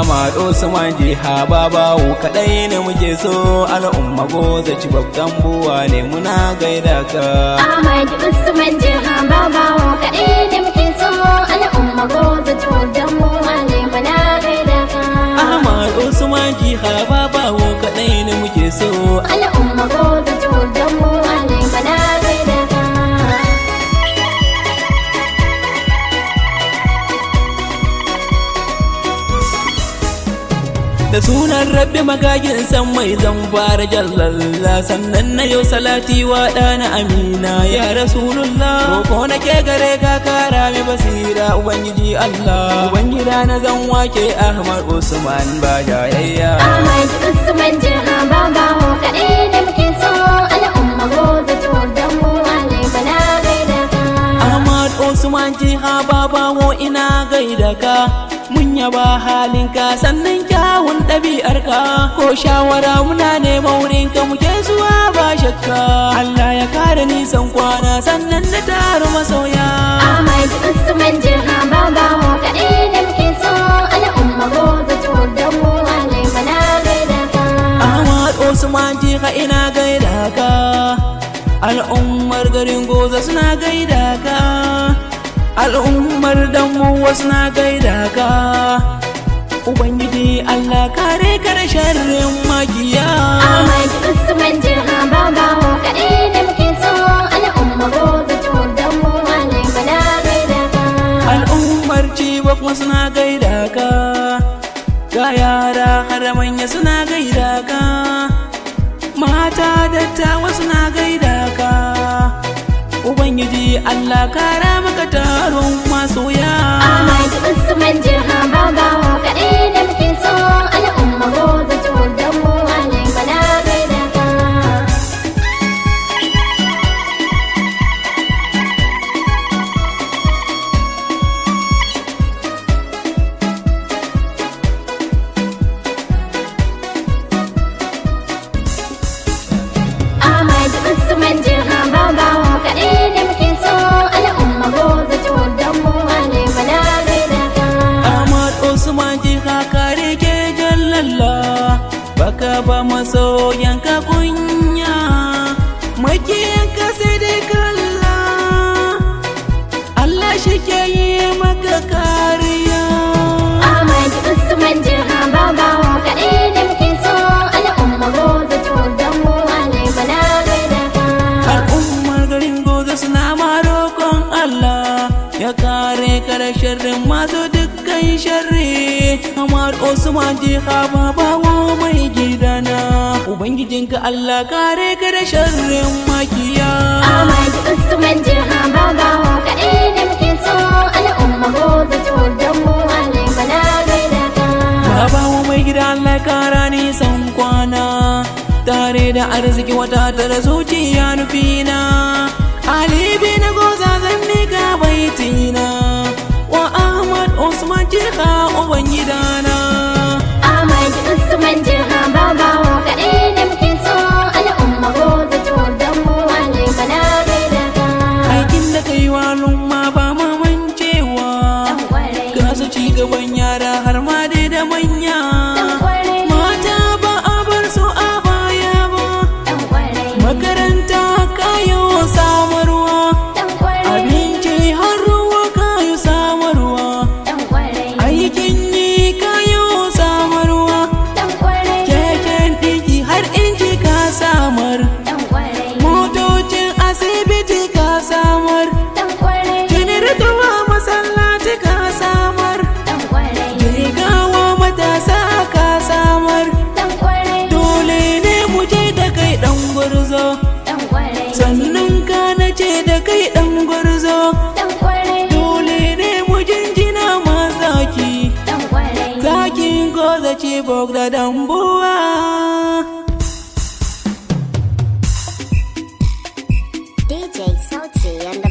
Ahmad Usman jiha babawu kaɗai ne muke so al'umma goza ci babban buwa ne muna gaida ka. Ahmad Usman jiha babawu kaɗai ne muke so al'umma goza ci babban buwa ne muna gaida ka. Ahmad Usman jiha babawu kaɗai ne muke so al'umma da sunan rabbi magagin san mai zan fara jallalla sannan na yau salati wa ɗana amina ya rasulullah ko nake gare ka kara mai basira ubangiji allah ubangida na zan wake ahmad usman ba jayayya ahmad usman jiha ba bawo da muke so al'umma ahmad ina gaida ka ya ba halinka sannan kyawun ɗabi'arka ko shawara muna neman ka muke zuwa ba shakka Allah ya kare nisan kwana sannan na taru masoya Usman jiha ina gaida al'ummar garin goza suna gaida ka al'ummar mu wasu na gaida ka ubangiji allah kare kare sharrin magiya da muke al'ummar wasu na gaida ka ga yara har suna gaida ka mata dattawa suna gaida ubangiji Allah kara maka taron masoya. Amai da ban su ka ba masoyanka kai sharri Ahmad Usman jiha babawo mai gidana Ubangijinka Allah kare ka da sharrin makiya Ahmad Usman jiha babawo kaɗai da muke so al'umma ko ta don mu Allah bana gaida ka Babawo mai gida Allah kara san kwana Tare da arziki wata tara zuciya nufina Ali bin goza zan ga baitina jirga zaka gida ci bog da Dambuwa. DJ Sauti and